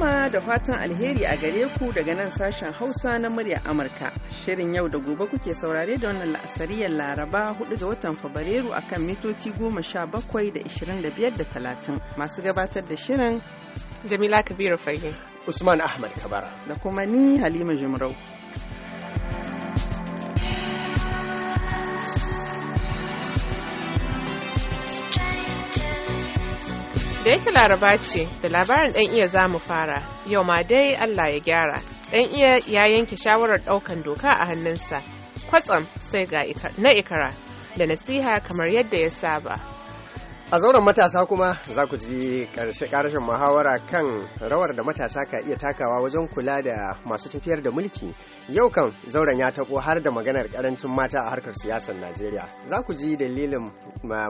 sallama da fatan alheri a gare ku daga nan sashen Hausa na murya Amurka. Shirin yau da gobe kuke saurare da wannan la'asariyar Laraba 4 ga watan Fabrairu akan mitoci 17 da 25 da 30. Masu gabatar da shirin Jamila Kabiru Fage. Usman Ahmad Kabara. Da kuma ni Halima Jumrau. da yake laraba ce da labarin ɗan iya za mu fara yau ma dai allah ya gyara ɗan iya ya yanke shawarar ɗaukan doka a hannunsa kwatsam sai ga na ikara da nasiha kamar yadda ya saba a zauren matasa kuma za ku ji karshen muhawara kan rawar da matasa ka iya takawa wajen kula da masu tafiyar da mulki yau kan zauren ya taɓo har da maganar karancin mata a harkar siyasar najeriya za ku ji dalilin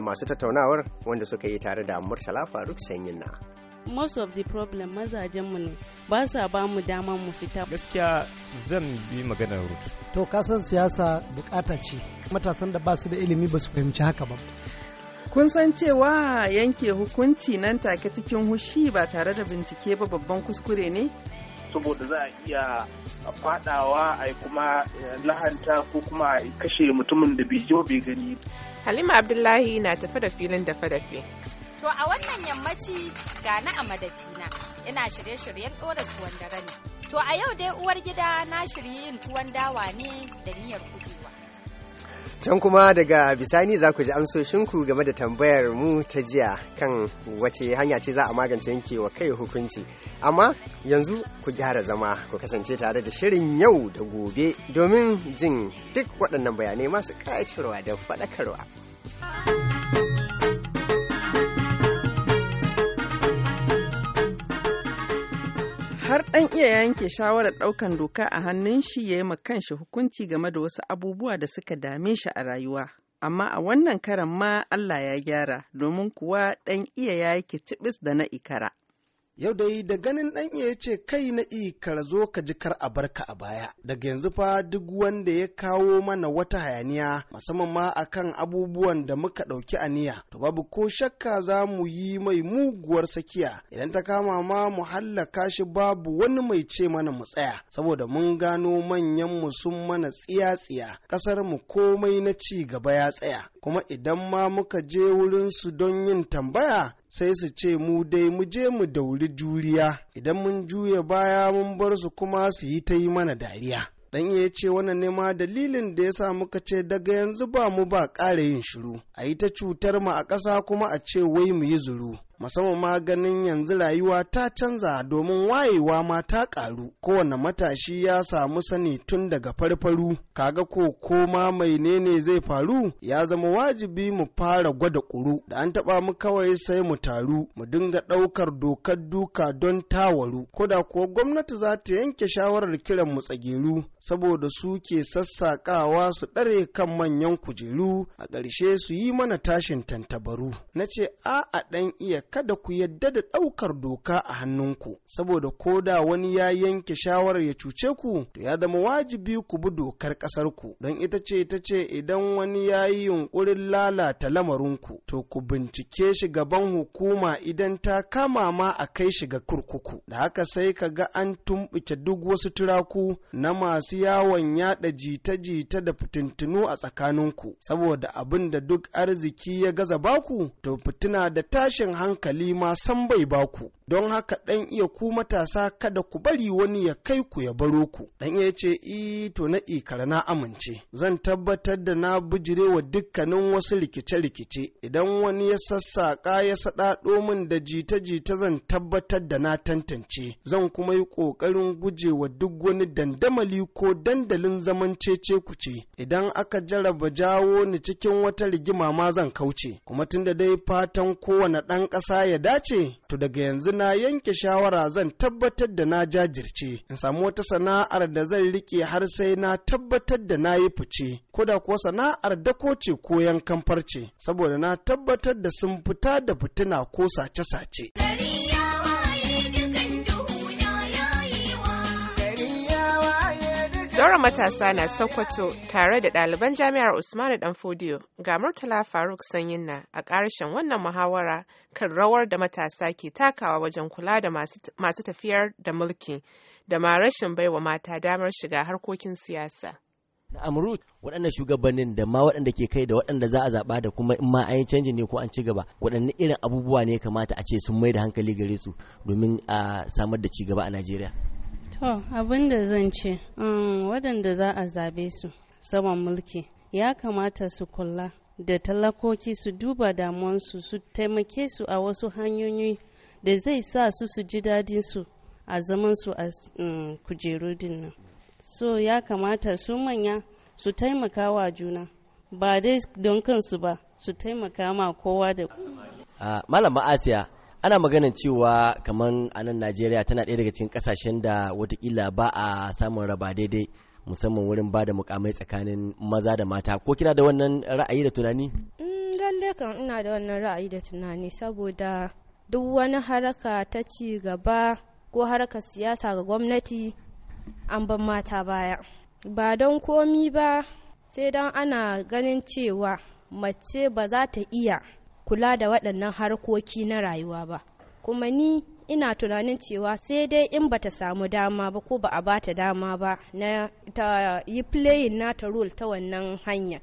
masu tattaunawar wanda suka yi tare da murtala faruk Sanyinna. na most of the problem mazajenmu ne ba sa ba mu dama mu fita gaskiya zan bi maganar to kasan siyasa bukata ce matasan da ba su da ilimi ba su fahimci haka ba Kun san cewa yanke hukunci nan take cikin hushi ba tare da bincike ba babban kuskure ne? Saboda za a iya fadawa a kuma eh, lahanta ko kuma a kashe mutumin da bai bai gani. Halima Abdullahi na tafi da filin da fadafe. To a wannan yammaci ga na a madafina ina shirye-shiryen ɗora tuwon dare ne. To a yau dai uwar gida na shirye yin tuwon dawa ne da niyyar kudu. can kuma daga bisani za ku ji amsoshinku game da tambayar mu ta jiya kan wace hanya ce za a magance yanke wa kai hukunci amma yanzu ku gyara zama ku kasance tare da shirin yau da gobe domin jin duk waɗannan bayanai masu ƙayatarwa da faɗakarwa. har ɗan iya yanke shawarar ɗaukan doka a hannun shi ya yi kanshi hukunci game da wasu abubuwa da suka dame shi a rayuwa. Amma a wannan karan ma Allah ya gyara domin kuwa ɗan iya ya yake cibis da na ikara. Yau dai da ganin ɗan ya ce kai na ikar zo ka ji kar a barka a baya. Daga yanzu fa duk wanda ya kawo mana wata hayaniya musamman ma akan abubuwan da muka ɗauki a aniya. To babu ko shakka za mu yi mai muguwar sakiya idan ta kama ma mu hallaka shi babu wani mai ce mana mu tsaya saboda mun gano manyan mu sun mana tsiya-tsiya ƙasar mu komai na ci gaba ya tsaya. kuma idan ma muka je wurinsu don yin tambaya sai su ce mu dai mu je mu dauri juriya idan mun juya baya mun bar su kuma su yi ta yi mana dariya dan ya ce wannan ne ma dalilin da ya sa muka ce daga yanzu ba mu ba ƙara yin shiru a yi ta cutar mu a ƙasa kuma a ce wai mu yi zuru musamman ma ganin yanzu rayuwa ta canza domin wayewa ma ta ƙaru kowane matashi ya samu sani tun daga farfaru kaga ko koma mai nene zai faru ya zama wajibi mu fara gwada ƙuru da an taɓa mu kawai sai mu taru mu dinga ɗaukar dokar duka don tawaru koda kuwa gwamnati za ta yanke shawarar kiran mu tsageru saboda su ke sassaƙawa su ɗare kan manyan kujeru a ƙarshe su yi mana tashin tantabaru na ce a a ɗan iya kada ku yadda da ɗaukar doka a hannunku saboda ko da wani ya yanke shawarar ya cuce ku to ya zama wajibi ku bi dokar ƙasar ku don ita ce ta ce idan wani ya yi yunƙurin lalata lamarinku to ku bincike shi gaban hukuma idan ta kama ma a kai shi ga kurkuku da haka sai ka ga an tumɓuke duk wasu turaku na masu yawon yaɗa jita-jita da fitintunu a tsakaninku saboda abin da duk arziki ya gaza baku to fitina da tashin hankali hankali ma san bai baku don haka ɗan iya ku matasa kada ku bari wani ya kai ku ya baro ku Dan iya ce i to na ikara na amince zan tabbatar da na bijire wa dukkanin wasu rikice-rikice idan wani ya sassaƙa ya saɗaɗo min da jita-jita zan tabbatar da na tantance zan kuma yi ƙoƙarin wa duk wani dandamali ko dandalin zaman cece ce. idan aka jaraba jawo ni cikin wata rigima ma zan kauce kuma tunda dai fatan kowane ɗan ƙasa ya dace to daga yanzu na yanke shawara zan tabbatar da na jajirce in samu wata sana'ar da zan rike har sai na tabbatar da na yi fice ko da kuwa sana'ar dako ce ko yankan farce saboda na tabbatar da sun fita da fitina ko sace-sace. Zauren matasa na Sokoto tare da ɗaliban jami'ar Usmanu Danfodiyo ga Murtala Faruk Sanyin na a ƙarshen wannan muhawara kan rawar da matasa ke takawa wajen kula da masu tafiyar da mulki da ma rashin baiwa mata damar shiga harkokin siyasa. na amurut waɗannan shugabannin da ma waɗanda ke kai da waɗanda za a zaɓa da kuma in ma an yi canji ne ko an ci gaba waɗanne irin abubuwa ne kamata a ce sun mai da hankali gare su domin a samar da ci gaba a najeriya To, abin da zan ce, um, waɗanda za a zabe su saman mulki ya kamata su kula da talakoki su duba damuwansu su taimake su a wasu hanyoyi da zai sa su su ji dadin su a zaman su a um, kujeru dinnan So ya kamata su manya su taimaka wa juna ba dai don kansu ba su taimaka ma kowa da. Ah, Malam Asiya. ana magana cewa kamar a nan najeriya tana ɗaya daga cikin ƙasashen da watakila ba a samun raba daidai musamman wurin ba da mukamai tsakanin maza da mata ko kina da wannan ra'ayi da tunani mm, lalle kan ina da wannan ra'ayi da tunani saboda duk wani haraka ta ci gaba ko harkar siyasa ga gwamnati an ban mata baya ba don komi ba sai don ana ganin cewa mace ba za ta iya kula da waɗannan harkoki na rayuwa ba kuma ni ina tunanin cewa sai dai in bata samu dama ba ko ba a bata dama ba na ta yi playing nata role ta wannan hanyar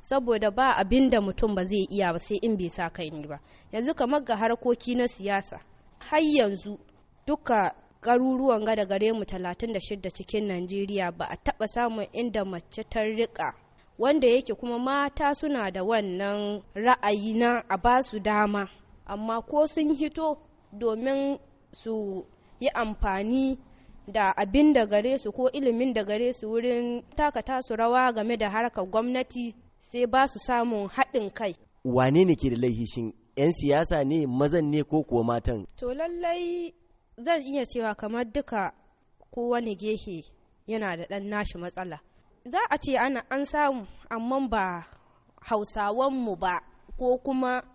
saboda ba abin da mutum ba zai iya ba sai in bai sa kai ni ba yanzu kamar ga harkoki na siyasa har yanzu duka garuruwan gada gare mu 36 cikin najeriya ba a taba samun inda mace ta riƙa. wanda yake kuma mata suna da wannan ra'ayi na a ba su dama amma ko sun hito domin su yi amfani da abin da gare su ko ilimin da gare su wurin takata su rawa game da harkar gwamnati sai ba su samun haɗin kai wane ne ke da laihishin 'yan siyasa ne mazan ne ko kuwa matan to lallai zan iya cewa kamar duka kowane gehe yana da ɗan nashi matsala za a ce ana an samu amma ba hausawanmu ba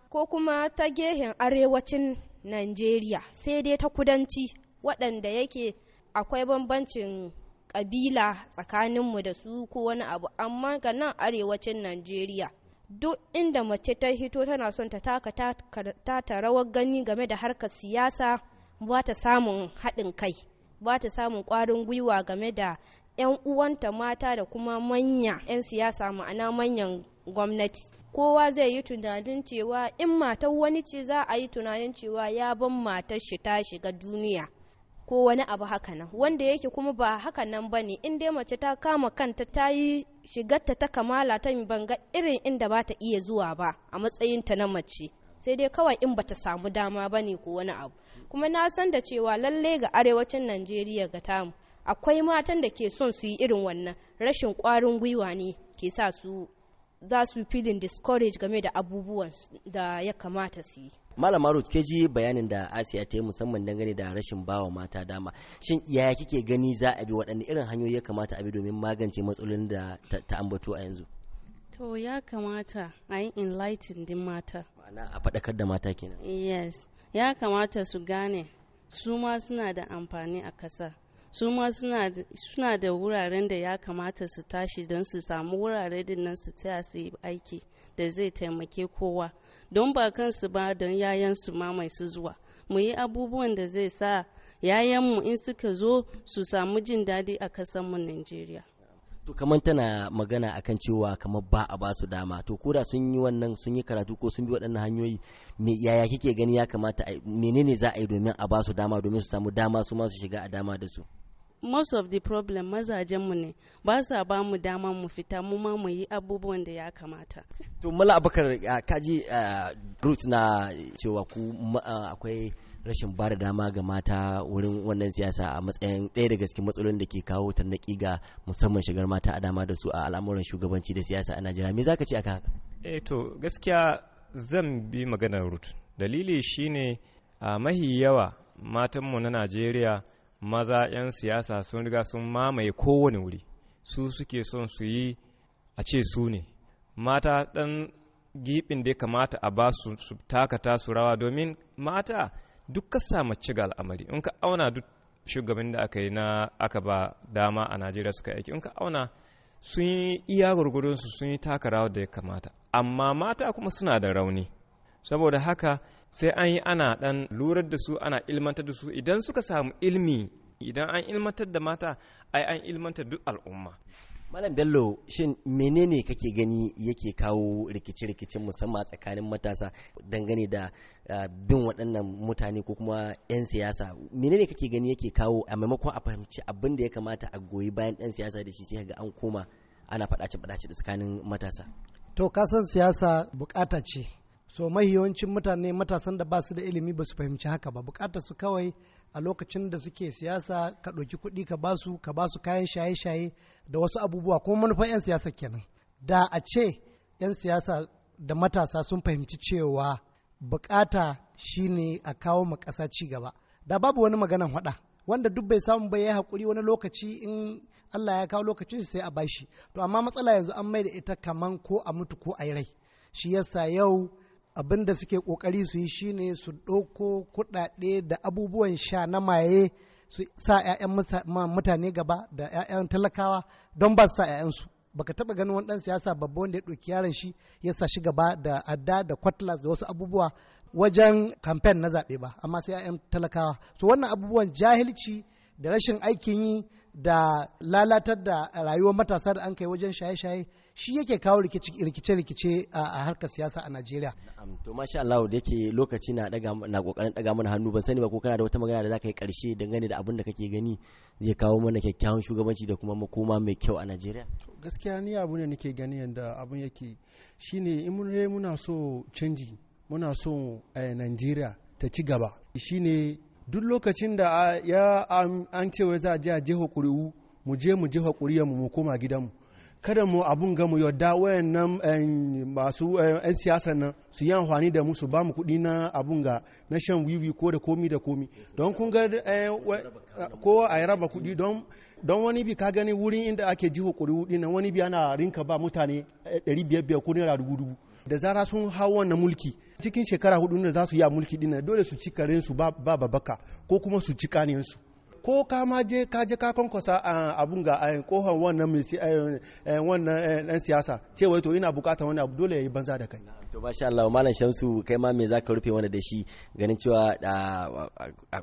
ko kuma ta gehen arewacin Najeriya sai dai ta kudanci waɗanda yake akwai bambancin ƙabila tsakaninmu da su ko wani abu amma ga nan arewacin Najeriya duk inda mace ta hito tana son ta taka ta ta rawar gani game da harkar siyasa ba ta samun haɗin kai ba ta samun ƙwarin gwiwa game da 'yan uwanta mata da kuma manya 'yan siyasa ma'ana manyan gwamnati kowa zai yi tunanin cewa in matan wani ce za a yi tunanin cewa ya ban matar shi ta shiga duniya ko wani abu haka nan wanda yake kuma ba haka nan ba ne in dai mace ta kama kanta ta yi shigarta ta kamala ta banga irin inda ba ta iya zuwa ba a matsayinta na mace sai dai kawai in bata samu dama ba ne ko wani abu kuma na san da cewa lalle ga arewacin najeriya ga tamu akwai matan da ke son su yi irin wannan rashin ƙwarin gwiwa ne ke sa su za su feeling discourage game da abubuwan da ya kamata su yi malama ruth ke ji bayanin da asiya ta yi musamman dangane da rashin bawa mata dama shin yaya kike gani za a bi waɗanne irin hanyoyi ya kamata a bi domin magance matsalolin da ta ambato a yanzu to ya kamata a yi enlighten din mata ma'ana a faɗakar da mata kenan yes ya kamata su gane su ma suna da amfani a ƙasa su ma suna da wuraren da ya kamata su tashi don su samu wurare din nan su taya su yi aiki da zai taimake kowa don ba kansu ba don su ma mai su zuwa mu yi abubuwan da zai sa yayan mu in suka zo su samu jin daɗi a kasanmu Najeriya. to kamar tana magana akan cewa kamar ba a basu dama to koda sun yi wannan sun yi karatu ko sun bi waɗannan hanyoyi me yaya kike gani ya kamata menene za a yi domin a basu dama domin su samu dama su ma su shiga a dama da su most of the problem mazajenmu ne ba sa ba mu dama mu fita mu ma mu yi abubuwan da ya kamata to mala abakar kaji eh, root na cewa ku eh, akwai rashin ba da dama ga mata wurin wannan siyasa a matsayin ɗaya daga cikin matsalolin da ke kawo tarnaƙi ga musamman shigar mata a dama da su a al'amuran shugabanci da siyasa a najeriya me za ka ce haka eh to gaskiya zan bi maganar root dalili shine a mahi yawa matanmu na najeriya maza 'yan siyasa sun riga sun mamaye kowane wuri su suke son su yi a ce su ne mata ɗan gibin da ya kamata a ba su su takata su rawa domin mata duk ka samu ciga al'amari in ka auna duk shugaban da aka yi na aka ba dama a najeriya suka aiki in ka auna sun yi iya gurgurunsu sun yi taka rawa da ya kamata amma mata kuma suna da rauni saboda haka sai an yi ana ɗan lurar da su ana ilmantar da su idan suka samu ilmi idan an ilmantar da mata ai an ilmantar duk al'umma Malam Bello shin menene kake gani yake kawo rikice-rikicen musamman tsakanin matasa dangane da bin waɗannan mutane ko kuma 'yan siyasa menene kake gani yake kawo a maimakon a fahimci abin da ya kamata a goyi bayan yan siyasa da shi sai ga an koma ana faɗace-faɗace da tsakanin matasa. To kasan siyasa bukata ce so mahiyawancin mutane matasan da ba su da ilimi ba su fahimci haka ba bukatar su kawai a lokacin da suke siyasa ka ɗauki kuɗi ka ba su ka ba su kayan shaye-shaye da wasu abubuwa kuma manufan 'yan siyasa kenan da a ce 'yan siyasa da matasa sun fahimci cewa bukata shine a kawo ma ƙasa ci gaba da babu wani maganan haɗa wanda duk bai samu ba ya yi hakuri wani lokaci in Allah ya kawo lokacin sai a bashi to amma matsala yanzu an mai da ita kaman ko a mutu ko a yi rai shi yasa yau abin da suke kokari su yi shine su ɗauko kuɗaɗe da abubuwan sha na maye su sa 'ya'yan mutane gaba da 'ya'yan talakawa don ba su sa 'ya'yansu ba ka taba ganin wani dan siyasa babba wanda ya ɗauki yaron shi ya sa shi gaba da adda da kwatlas da wasu abubuwa wajen kamfen na zaɓe ba amma sai 'ya'yan talakawa to wannan abubuwan jahilci da rashin aikin yi da lalatar da rayuwar matasa da an kai wajen shaye-shaye shi yake kawo rikice-rikice a harkar siyasa a Najeriya. To masha Allah da yake lokaci na daga na kokarin daga mana hannu ban sani ba ko kana da wata magana da zaka yi karshe dangane da abin da kake gani zai kawo mana kyakkyawan shugabanci da kuma makoma mai kyau a Najeriya. Gaskiya ni abu ne nake gani yanda abun yake shine in mun eh, muna so canji muna so eh, Najeriya ta ci gaba shine duk lokacin da ya an cewa za a je a jefa ƙuri'u mu je mu jefa hakuri mu mu koma gidanmu kada mu abun ga mu yadda wayannan eh, masu eh, yan siyasa nan su yi amfani da mu ba mu kuɗi na abun ga na shan wiwi ko da komi da komi don kun ga kowa eh, a raba kuɗi don don wani bi ka gani wurin inda ake ji hukuri hudi na wani bi ana rinka ba mutane 500 ko naira dubu dubu da zara sun hawa na mulki cikin shekara hudu da za su yi a mulki dinnan dole su ci karen su ba babaka ko kuma su ci kaniyansu ko ka ma je ka je ka kwankwasa abun ga kohon wannan wannan dan siyasa wai to ina bukata wani abu dole ya banza da kai to sha Allah malam Shamsu kai ma me zaka rufe wani da shi ganin cewa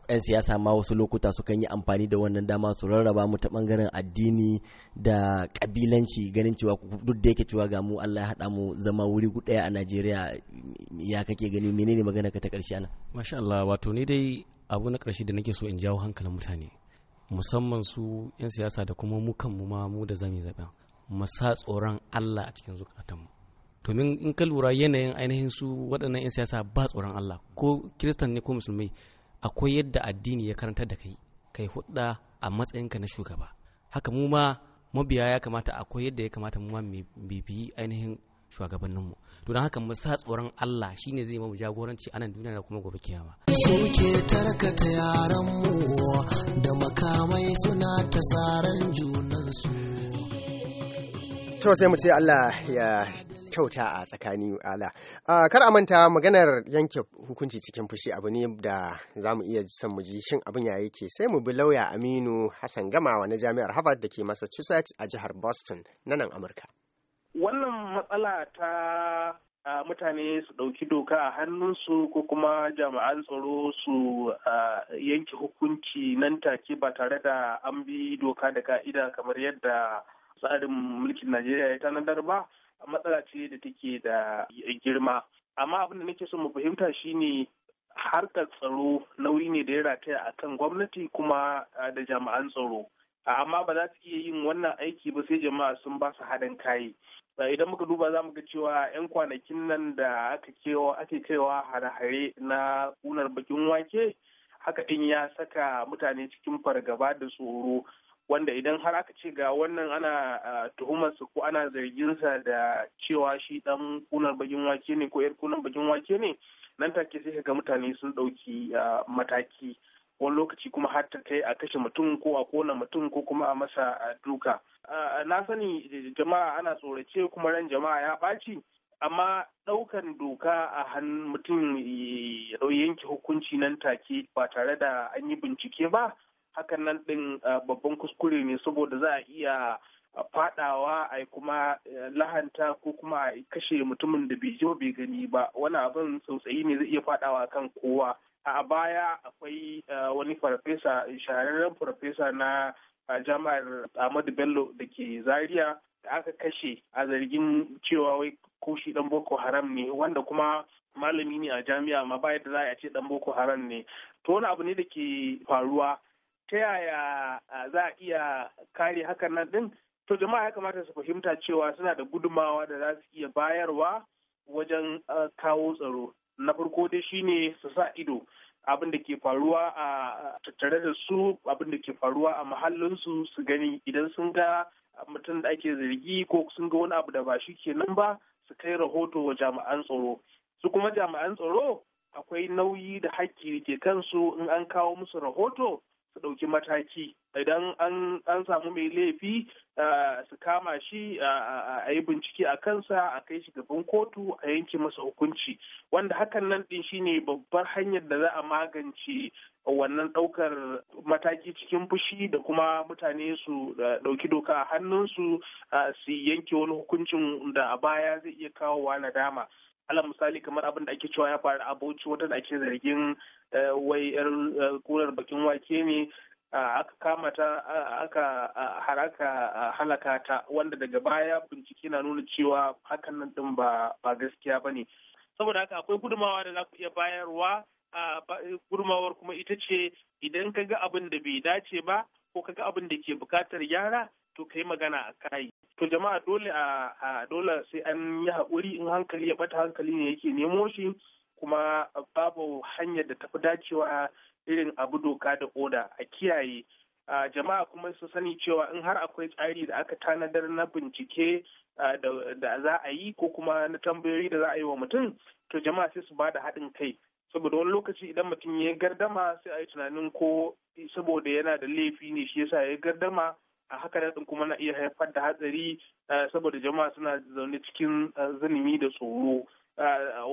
yan siyasa ma wasu lokuta sukan yi amfani da wannan dama su rarraba mu ta bangaren addini da kabilanci ganin cewa duk da yake cewa ga mu Allah ya hada mu zama wuri guda a Najeriya ya kake gani menene magana ka ta karshe ana masha Allah wato ni dai abu na ƙarshe da nake so in jawo hankalin mutane musamman su 'yan siyasa da kuma mu kanmu ma mu da zami zaɓen mu sa tsoron Allah a cikin zukatanmu domin in ka lura yanayin ainihin su waɗannan 'yan siyasa ba tsoron Allah ko kiristan ne ko musulmai akwai yadda addini ya karanta da kai kai hudda a matsayinka na shugaba haka mu ma mabiya ya kamata akwai yadda ya kamata mu ma bibiyi ainihin shugabanninmu to don haka mu sa tsoron Allah shine zai mu jagoranci a nan duniya da kuma gobe kiyama suke tarkata yaran mu da makamai suna saran junan su to sai mu ce Allah ya kyauta a tsakani ala kar a manta maganar yanke hukunci cikin fushi abu ne da za mu iya son mu ji shin abin ya yake sai mu bi lauya aminu hassan gamawa na jami'ar harvard da ke massachusetts a jihar boston na nan amurka wannan matsala ta mutane su ɗauki doka a hannunsu ko kuma jami'an tsaro su yanke hukunci nan take ba tare da an bi doka da ka'ida kamar yadda tsarin mulkin najeriya ya tanadar ba matsala ce da take da girma amma abin da nake so mu fahimta shine harkar tsaro nauyi ne da ya rataya a kan gwamnati kuma da jami'an tsaro amma ba za su iya yin wannan aiki ba sai jama'a sun ba su haɗin kayi Uh, idan muka duba za mu ga cewa 'yan kwanakin nan da aka cewa ake cewa hare-hare na kunar bakin wake haka din ya saka mutane cikin fargaba da tsoro wanda idan har aka ce ga wannan ana uh, tuhumarsa ko ana zarginsa da cewa shi dan kunar bakin wake ne ko yar kunar bakin wake ne nan take sai ga mutane sun ɗauki uh, mataki wani lokaci kuma har ta kai a kashe mutum ko a kona mutum ko kuma a masa duka na sani jama'a ana tsorace kuma ran jama'a ya ɓaci amma ɗaukan doka a hannun mutum ya yanke hukunci nan take ba tare da an yi bincike ba hakan nan ɗin babban kuskure ne saboda za a iya faɗawa a kuma e, lahanta ko kuma a kashe mutumin da bai je bai gani ba wani abin tsautsayi ne zai iya faɗawa kan kowa a baya akwai eh, wani farfesa shahararren farfesa na eh, jami'ar ahmadu bello da ke zaria da aka kashe a zargin cewa wai ko shi dan boko haram ne wanda kuma malami ne a jami'a ma baya da za a ce dan boko haram ne to wani abu ne da ke faruwa ta yaya eh, za a iya kare hakan nan din to jama'a ya kamata su fahimta cewa suna da gudumawa da za su iya bayarwa wajen kawo tsaro na farko dai shine su sa ido abin da ke faruwa a tattare da su abin da ke faruwa a mahallinsu su gani idan sun ga mutum da ake zargi ko sun ga wani abu da ba shi kenan ba su kai rahoto wa jami'an tsaro su kuma jami'an tsaro akwai nauyi da hakki ke kansu in an kawo musu rahoto su ɗauki mataki idan an samu mai laifi su kama shi a yi bincike a kansa a kai shi gaban kotu a yanke masa hukunci wanda hakan nan ɗin shine babbar hanyar da za a magance wannan ɗaukar mataki cikin fushi da kuma mutane su ɗauki doka a hannunsu su yanke wani hukuncin da a baya zai iya kawowa nadama. dama alal misali kamar abin da ake cewa ya faru a bauchi wata da ake zargin eh, wai yar eh, kurar bakin wake ne aka kama ta aka haraka halaka ta wanda daga baya bincike na nuna cewa hakan nan din ba gaskiya ba ne saboda haka akwai gudumawa da za ku iya bayarwa gudumawar kuma ita ce idan ka ga abin da bai dace ba ko ka ga abin da ke bukatar yara to ka yi magana a kai to jama'a dole a dole sai an yi haƙuri in hankali ya bata hankali ne yake nemo shi kuma babu hanyar da tafi dacewa irin abu doka da oda a kiyaye jama'a kuma su sani cewa in har akwai tsari da aka tanadar na bincike da za a yi ko kuma na tambayoyi da za a yi wa mutum to jama'a sai su bada haɗin kai saboda wani lokaci idan mutum ya gardama sai a yi tunanin ko saboda yana da laifi ne shi yasa ya gardama a haka da kuma na iya haifar da hatsari saboda jama'a suna zaune cikin zanimi da tsoro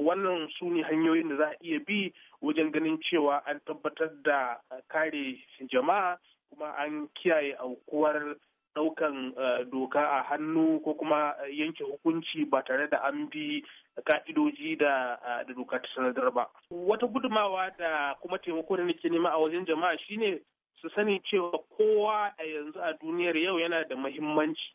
wannan su ne hanyoyin da za a iya bi wajen ganin cewa an tabbatar da kare jama'a kuma an kiyaye aukuwar ɗaukan doka a hannu ko kuma yanke hukunci ba tare da an bi ka'idoji da doka ta sanadar ba. Wata gudumawa da kuma taimako da nake nema a wajen jama'a shine su sani cewa kowa a yanzu a duniyar yau yana da muhimmanci.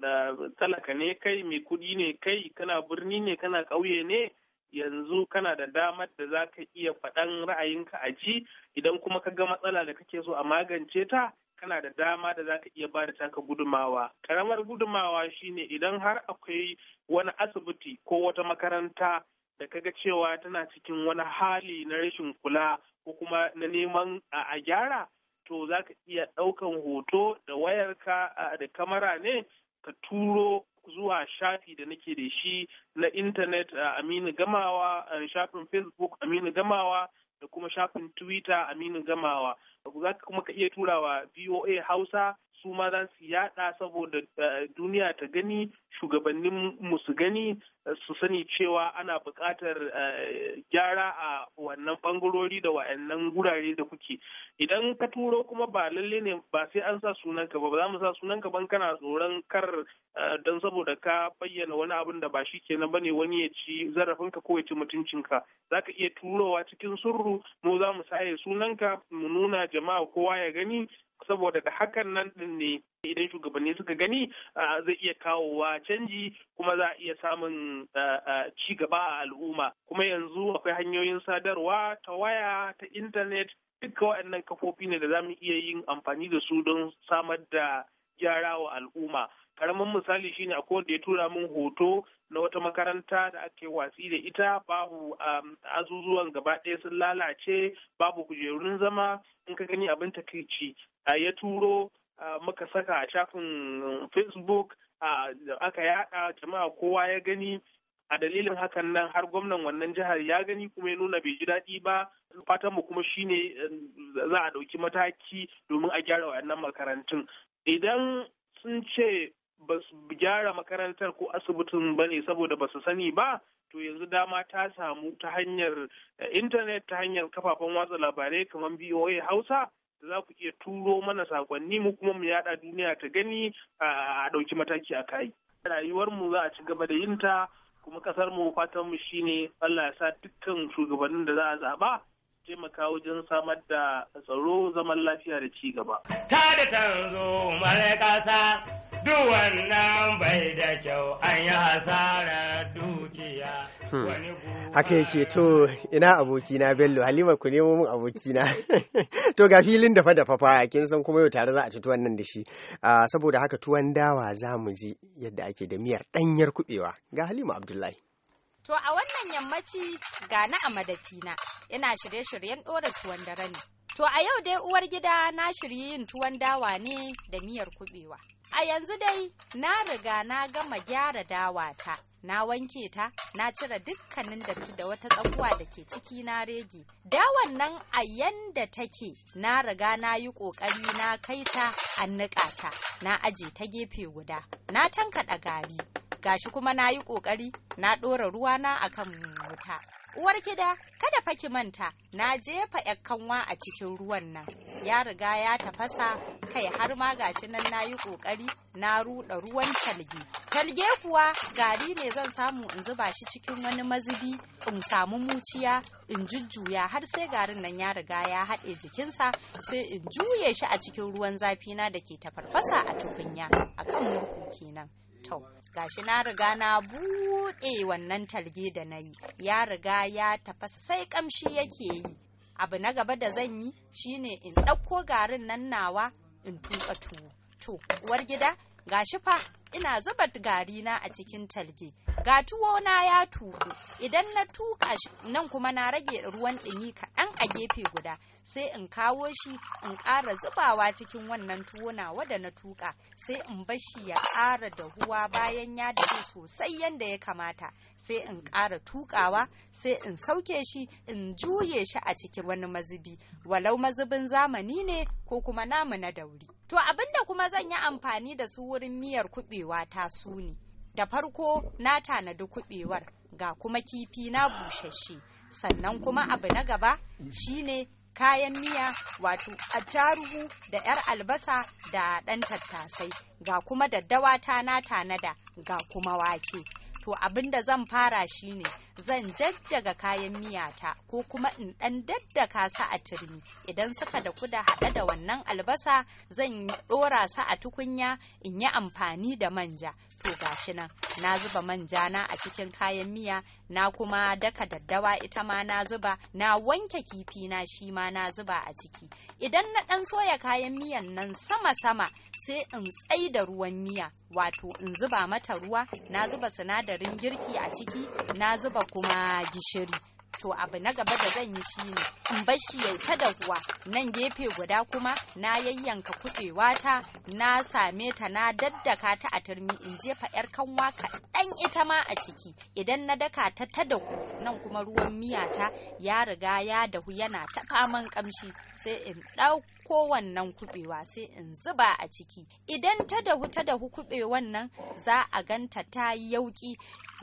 da talaka ne kai mai kudi ne kai kana birni ne kana ƙauye ne yanzu kana da damar da za ka iya faɗan ra'ayinka a ji idan kuma ka ga matsala da kake so a magance ta kana da dama da za ka iya ba da taka gudumawa karamar gudumawa shine idan har akwai wani asibiti ko wata makaranta da kaga cewa tana cikin wani hali na rashin kula ko kuma na neman a gyara to za ka iya ɗaukan hoto da wayarka da kamara ne ka turo zuwa shafi da nake da shi na intanet a aminu gamawa shafin facebook aminu gamawa da kuma shafin twitter aminu gamawa za ka kuma ka iya turawa voa hausa su ma za su yada saboda eh, duniya ta gani shugabannin mu su gani su sani cewa ana bukatar eh, gyara a wannan bangarori da wa'annan gurare da kuke idan ka turo kuma ba lalle ne ba sai an sa sunanka ba ba za mu sa sunanka ban kana tsoron kar eh, don saboda ka bayyana wani abin da ba shi kenan bane wani ya ci zarafin ka ko ya ci mutuncinka za ka iya turowa cikin surru mu za mu saye sunanka mu nuna jama'a kowa ya gani saboda da hakan nan din ne idan shugabanni suka gani zai iya kawowa canji kuma za a iya samun ci gaba a al'umma kuma yanzu akwai hanyoyin sadarwa ta waya ta intanet duka waɗannan kafofi ne da za mu iya yin amfani da su don samar da gyara wa al'umma karamin misali shine akwai wanda ya tura min hoto na wata makaranta da ake watsi da ita babu um, azuzuwan gaba ɗaya sun lalace babu kujerun zama in ka gani abin takaici ya turo muka saka a shafin facebook aka yada jama'a kowa ya gani a dalilin hakan nan har gwamnan wannan jihar ya gani kuma ya nuna bai ji daɗi ba fatan mu kuma shine eh, za a ɗauki mataki domin a gyara wa'annan makarantun idan sun ce ba su gyara makarantar ko asibitin ba ne saboda ba su sani ba to yanzu dama ta samu ta hanyar eh, intanet ta hanyar kafafen watsa labarai kamar voa Hausa da za ku iya turo mana sakonni mu kuma mu yada duniya ta gani a ɗauki mataki a kai. Rayuwarmu za a ci gaba da yinta kuma ƙasarmu fatanmu shine Allah ya sa dukkan shugabannin da za a zaɓa taimaka wajen samar da tsaro zaman lafiya da ci gaba. Ta da tanzo mara kasa duk wannan bai da kyau an yi hasara dukiya. Hmm. Haka yake to ina abokina Bello Halima ku nemo min abokina. to ga filin dafa dafa fa kin san kuma yau tare za a ci tuwon nan da shi. Ah, saboda haka tuwon dawa za mu ji yadda ake da miyar ɗanyar kuɓewa ga Halima Abdullahi. To a wannan yammaci ga na a madafina, ina shirye-shiryen ɗora tuwon dare ne. To a yau dai uwar gida na shirye yin tuwon dawa ne da miyar kuɓewa. A yanzu dai na riga na gama gyara dawa ta, na wanke ta, na cire dukkanin datti da wata tsakuwa da ke ciki na rege. Dawan nan a yanda take, na riga na yi ƙoƙari na kai ta an niƙa ta, na aje ta gefe guda, na tankaɗa gari. gashi kuma na yi ƙoƙari na ɗora ruwana a kan wuta. Uwar gida, kada fa ki manta, na jefa kanwa a cikin ruwan nan. Ya riga ya tafasa, kai har ma gashi nan na yi ƙoƙari na ruɗa ruwan talge. Talge kuwa gari ne zan samu in zuba shi cikin wani mazubi, in samu muciya, in jujjuya har sai garin nan ya riga ya haɗe jikinsa, sai in juye shi a cikin ruwan zafi na da ke tafarfasa a tukunya, akan murhu kenan. to gashi na riga na buɗe wannan talge da na yi ya riga ya tafasa sai kamshi yake yi abu na gaba da zan yi shine in ɗauko garin nan nawa in tuka tuwo to uwar gida gashi fa ina zuba gari na a cikin talge ga tuwo na ya tuku idan na tuka nan kuma na rage ruwan ɗumi kaɗan a gefe guda sai in kawo shi in ƙara zubawa cikin wannan tuwo nawa da na tuƙa sai in bashi ya ƙara dahuwa bayan ya dahu sosai yadda ya kamata sai in ƙara tuƙawa sai in sauke shi in juye shi a cikin wani mazubi walau mazubin zamani ne ko kuma namu na dauri to abinda kuma zan yi amfani da su wurin miyar kuɓewa ta su ne da farko na tanadi kuɓewar ga kuma kifi na bushashe sannan kuma abu na gaba shine kayan miya wato attaruhu da 'yar albasa da ɗan tattasai ga kuma daddawa ta na tanada ga kuma wake to abin da zan fara shine zan jajjaga kayan miyata ko kuma in ɗan daddaka su a turmi idan suka da kuda haɗe da wannan albasa zan ɗora su a tukunya in yi amfani da manja to gashi nan na zuba manja na a cikin kayan miya na kuma daka daddawa ita ma na zuba na wanke kifi na shi ma na zuba a ciki idan na dan soya kayan miyan nan sama sama sai in tsai da ruwan miya wato in zuba mata ruwa na zuba sinadarin girki a ciki na zuba kuma gishiri to abu na gaba da zan yi shi ne. in bar shi ya ta dahuwa nan gefe guda kuma na yayyanka kuɗewa ta na same ta na daddaka ta a turmi in jefa yar kanwa kaɗan ita ma a ciki idan na daka ta ta dahu nan kuma ruwan miya ta ya riga ya dahu yana ta faman kamshi sai in ɗau wannan kubewa sai in zuba a ciki idan ta dahu ta dahu kuɓewan nan za a ganta ta yauƙi yauki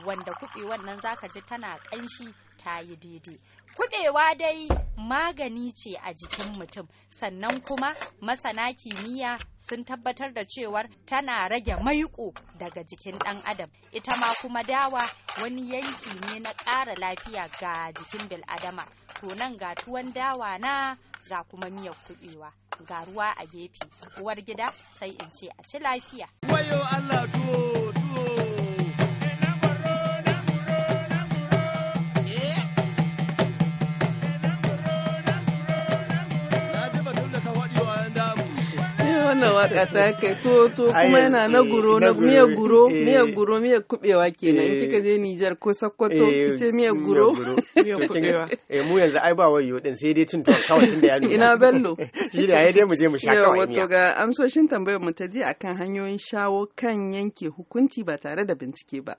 wanda kuɓewan nan zaka ji tana kanshi ta yi daidai kuɗewa dai magani ce a jikin mutum sannan kuma masana kimiyya sun tabbatar da cewar tana rage maiƙo daga jikin ɗan adam ita ma kuma dawa wani yanki ne na ƙara lafiya ga jikin bil'adama to nan ga tuwon dawa na ga kuma miyar kuɗewa ga ruwa a gefe uwar gida sai in ce a ci lafiya wayo Allah tuwo wannan waka ta kai to tuwo kuma yana na eh, guro na eh. miya guro miya guro miya kubewa kenan kika je Nijar ko Sokoto eh, kice miya guro miya kubewa eh mu yanzu ai ba wayo din sai dai tun to kawai da ya nuna ina bello shi da dai mu je mu sha kawai wato ga amsoshin tambayar mu ta ji akan hanyoyin shawo kan yanke hukunci ba tare da bincike ba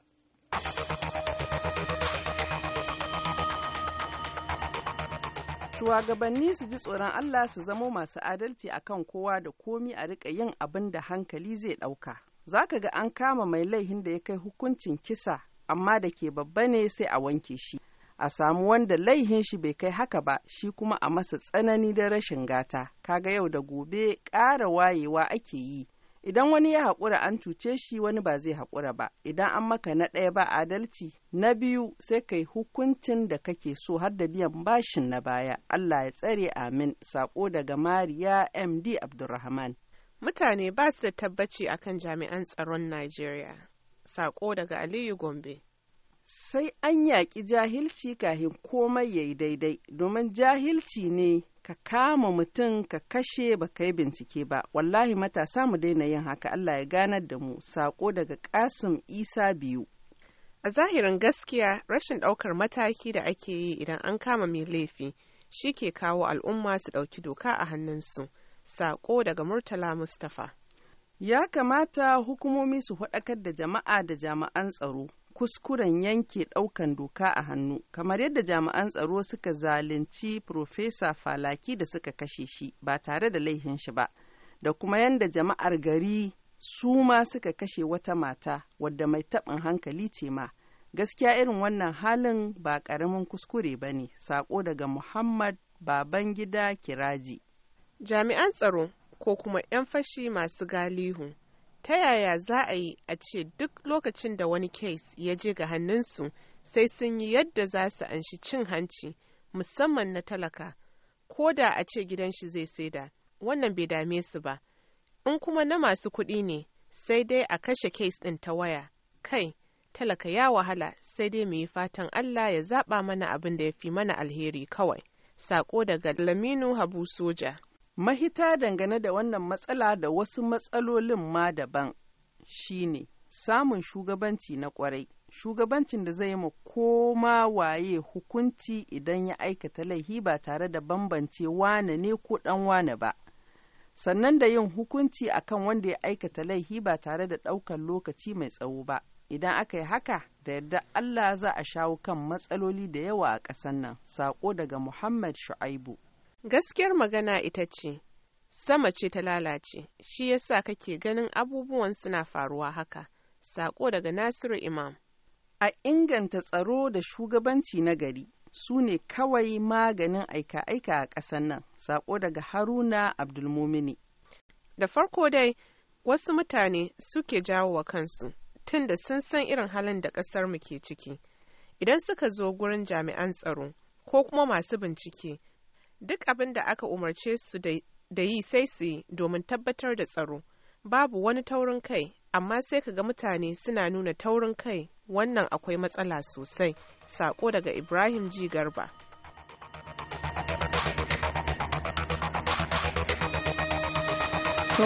shugabanni su ji tsoron Allah su zamo masu adalci akan kowa da komi a rika yin abin da hankali zai ɗauka. Za ka ga an kama mai laihin da ya kai hukuncin kisa amma da ke babba ne sai a wanke shi. A samu wanda laihin shi bai kai haka ba shi kuma a masa tsanani da rashin gata. Kaga yau da gobe ƙara wayewa ake yi Idan wani ya haƙura an cuce shi wani ba zai haƙura ba, idan an maka na ɗaya ba adalci, na biyu sai kai hukuncin da kake so har da biyan bashin na baya. Allah ya tsare amin, saƙo daga Mariya MD Abdulrahman. Mutane ba su da tabbaci akan jami'an tsaron Najeriya. Saƙo daga Aliyu Gombe. sai an yaƙi jahilci kahin komai ya yi daidai domin jahilci ne ka kama mutum ka kashe ba kai yi bincike ba wallahi matasa mu daina yin haka Allah ya ganar da mu sako daga kasim isa biyu a zahirin gaskiya rashin ɗaukar mataki da ake yi idan an kama mai laifi shi ke kawo al'umma su ɗauki doka a hannunsu Saƙo daga murtala mustapha ya kamata hukumomi su faɗakar da jama'a da jami'an tsaro kuskuren yanke ɗaukan doka a hannu kamar yadda jami'an tsaro suka zalunci Profesa Falaki da suka kashe shi ba tare da laihin shi ba da kuma yadda jama'ar gari su ma suka kashe wata mata wadda mai taɓin hankali ce ma gaskiya irin wannan halin ba ƙaramin kuskure ba ne sako daga Muhammad Babangida Kiraji. Jami'an tsaro ko kuma 'yan fashi masu galihu ta yaya za a yi a ce duk lokacin da wani kes ya je ga hannunsu sai sun yi yadda za su anshi cin hanci musamman na talaka ko da a ce gidan shi zai saida wannan bai dame su ba in kuma na masu kuɗi ne sai dai a kashe kes ɗin ta waya kai talaka ya wahala sai dai mu yi fatan Allah ya zaɓa mana abin da ya fi mana alheri kawai. Sako daga Laminu Habu Soja. Mahita dangane da wannan matsala da wasu matsalolin ma daban shine samun shugabanci na kwarai, shugabancin da zai ma koma waye hukunci idan ya aikata laihi ba tare da bambance wane ne ko dan wane ba. Sannan da yin hukunci akan wanda ya aikata laihi ba tare da ɗaukar lokaci mai tsawo ba. Idan aka yi haka da yadda Allah za a shawo kan matsaloli da yawa a ƙasan nan, saƙo daga Muhammad Shu'aibu. Gaskiyar magana ita ce, sama ce ta lalace, shi yasa kake ganin abubuwan suna faruwa haka, sako daga Nasiru Imam. A inganta tsaro da shugabanci na gari su ne kawai maganin aika-aika a ƙasar nan, sako daga Haruna Abdulmumini. Da farko dai, wasu mutane suke jawo wa kansu, tun da sun san irin halin da ƙasar mu ke ciki. Idan suka zo gurin jami'an tsaro ko kuma masu bincike. duk abin da aka umarce su da yi sai su yi domin tabbatar da tsaro babu wani taurin kai amma sai ka ga mutane suna nuna taurin kai wannan akwai matsala sosai sako daga ibrahim ji garba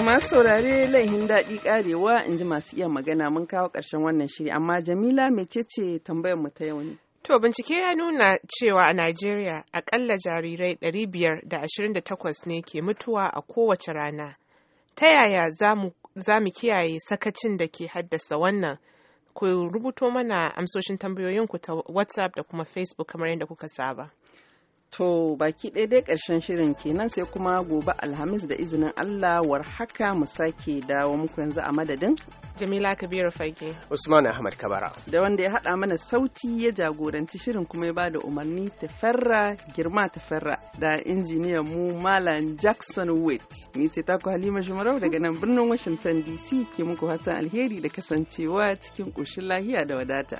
masu saurare laihin daɗi karewa in ji masu iya magana mun kawo ƙarshen wannan shiri amma Jamila mecece tambayar mu ta yau ne. To bincike ya nuna cewa a Najeriya akalla jarirai 528 ne ke mutuwa a kowace rana. Ta yaya za mu kiyaye sakacin da ke haddasa wannan? Ku rubuto mana amsoshin tambayoyinku ta WhatsApp da kuma Facebook kamar yadda kuka saba. To baki ɗaya dai ƙarshen shirin kenan sai kuma gobe Alhamis da izinin Allah war haka mu sake dawo muku yanzu a madadin. Jamila Kabiru Fage. Usman Ahmad Kabara. Da wanda ya haɗa mana sauti ya jagoranci shirin kuma ya ba da umarni tafarra girma tafarra da injiniyan mu Malam Jackson Wade. Ni ce taku Halima Jumarau daga nan birnin Washington DC ke muku fatan alheri da kasancewa cikin ƙoshin lahiya da wadata.